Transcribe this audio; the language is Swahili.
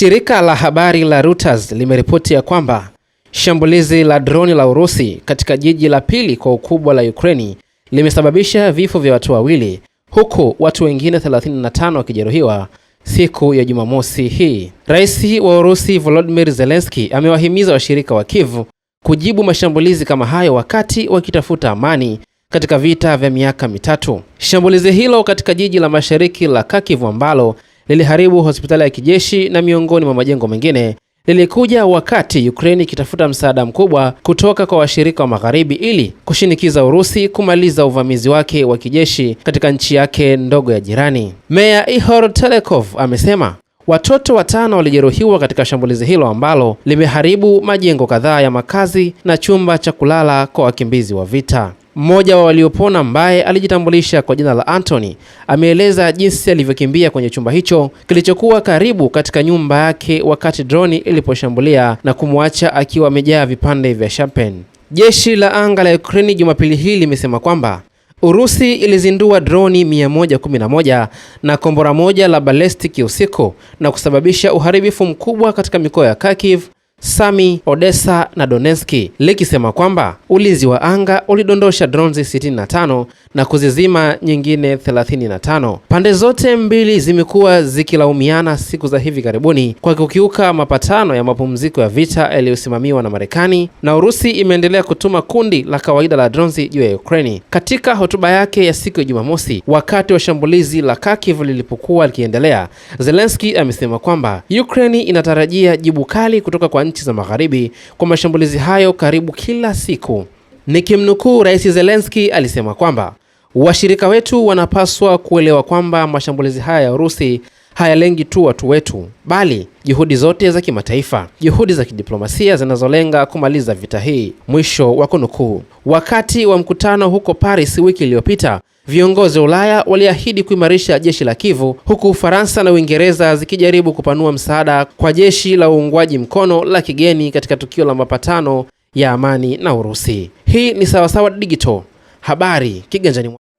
Shirika la habari la Reuters limeripoti ya kwamba shambulizi la droni la Urusi katika jiji la pili kwa ukubwa la Ukraine limesababisha vifo vya watu wawili huku watu wengine 35 wakijeruhiwa siku ya Jumamosi hii. Rais wa Urusi Volodymyr Zelensky amewahimiza washirika wa Kiev kujibu mashambulizi kama hayo wakati wakitafuta amani katika vita vya miaka mitatu. Shambulizi hilo katika jiji la mashariki la Kharkiv ambalo liliharibu hospitali ya kijeshi na miongoni mwa majengo mengine. Lilikuja wakati Ukraine ikitafuta msaada mkubwa kutoka kwa washirika wa magharibi ili kushinikiza Urusi kumaliza uvamizi wake wa kijeshi katika nchi yake ndogo ya jirani. Meya Ihor Telekov amesema watoto watano walijeruhiwa katika shambulizi hilo ambalo limeharibu majengo kadhaa ya makazi na chumba cha kulala kwa wakimbizi wa vita. Mmoja wa waliopona ambaye alijitambulisha kwa jina la Anthony ameeleza jinsi alivyokimbia kwenye chumba hicho kilichokuwa karibu katika nyumba yake wakati droni iliposhambulia na kumwacha akiwa amejaa vipande vya champagne. Jeshi la anga la Ukraine Jumapili hii limesema kwamba Urusi ilizindua droni 111 na kombora moja la balestiki usiku na kusababisha uharibifu mkubwa katika mikoa ya Kharkiv, Sami, Odessa na Donetsk likisema kwamba ulinzi wa anga ulidondosha drones 65 na kuzizima nyingine 35. Pande zote mbili zimekuwa zikilaumiana siku za hivi karibuni kwa kukiuka mapatano ya mapumziko ya vita yaliyosimamiwa na Marekani, na Urusi imeendelea kutuma kundi la kawaida la drones juu ya Ukraine. Katika hotuba yake ya siku ya Jumamosi wakati wa shambulizi la Kharkiv lilipokuwa likiendelea, Zelensky amesema kwamba Ukraine inatarajia jibu kali kutoka kwa nchi za Magharibi kwa mashambulizi hayo karibu kila siku. Nikimnukuu Rais Zelensky alisema kwamba washirika wetu wanapaswa kuelewa kwamba mashambulizi haya ya Urusi hayalengi tu watu wetu, bali juhudi zote za kimataifa, juhudi za kidiplomasia zinazolenga kumaliza vita hii, mwisho wa kunukuu. Wakati wa mkutano huko Paris wiki iliyopita, Viongozi wa Ulaya waliahidi kuimarisha jeshi la Kivu huku Ufaransa na Uingereza zikijaribu kupanua msaada kwa jeshi la uungwaji mkono la kigeni katika tukio la mapatano ya amani na Urusi. Hii ni Sawasawa Digital, habari kiganjani.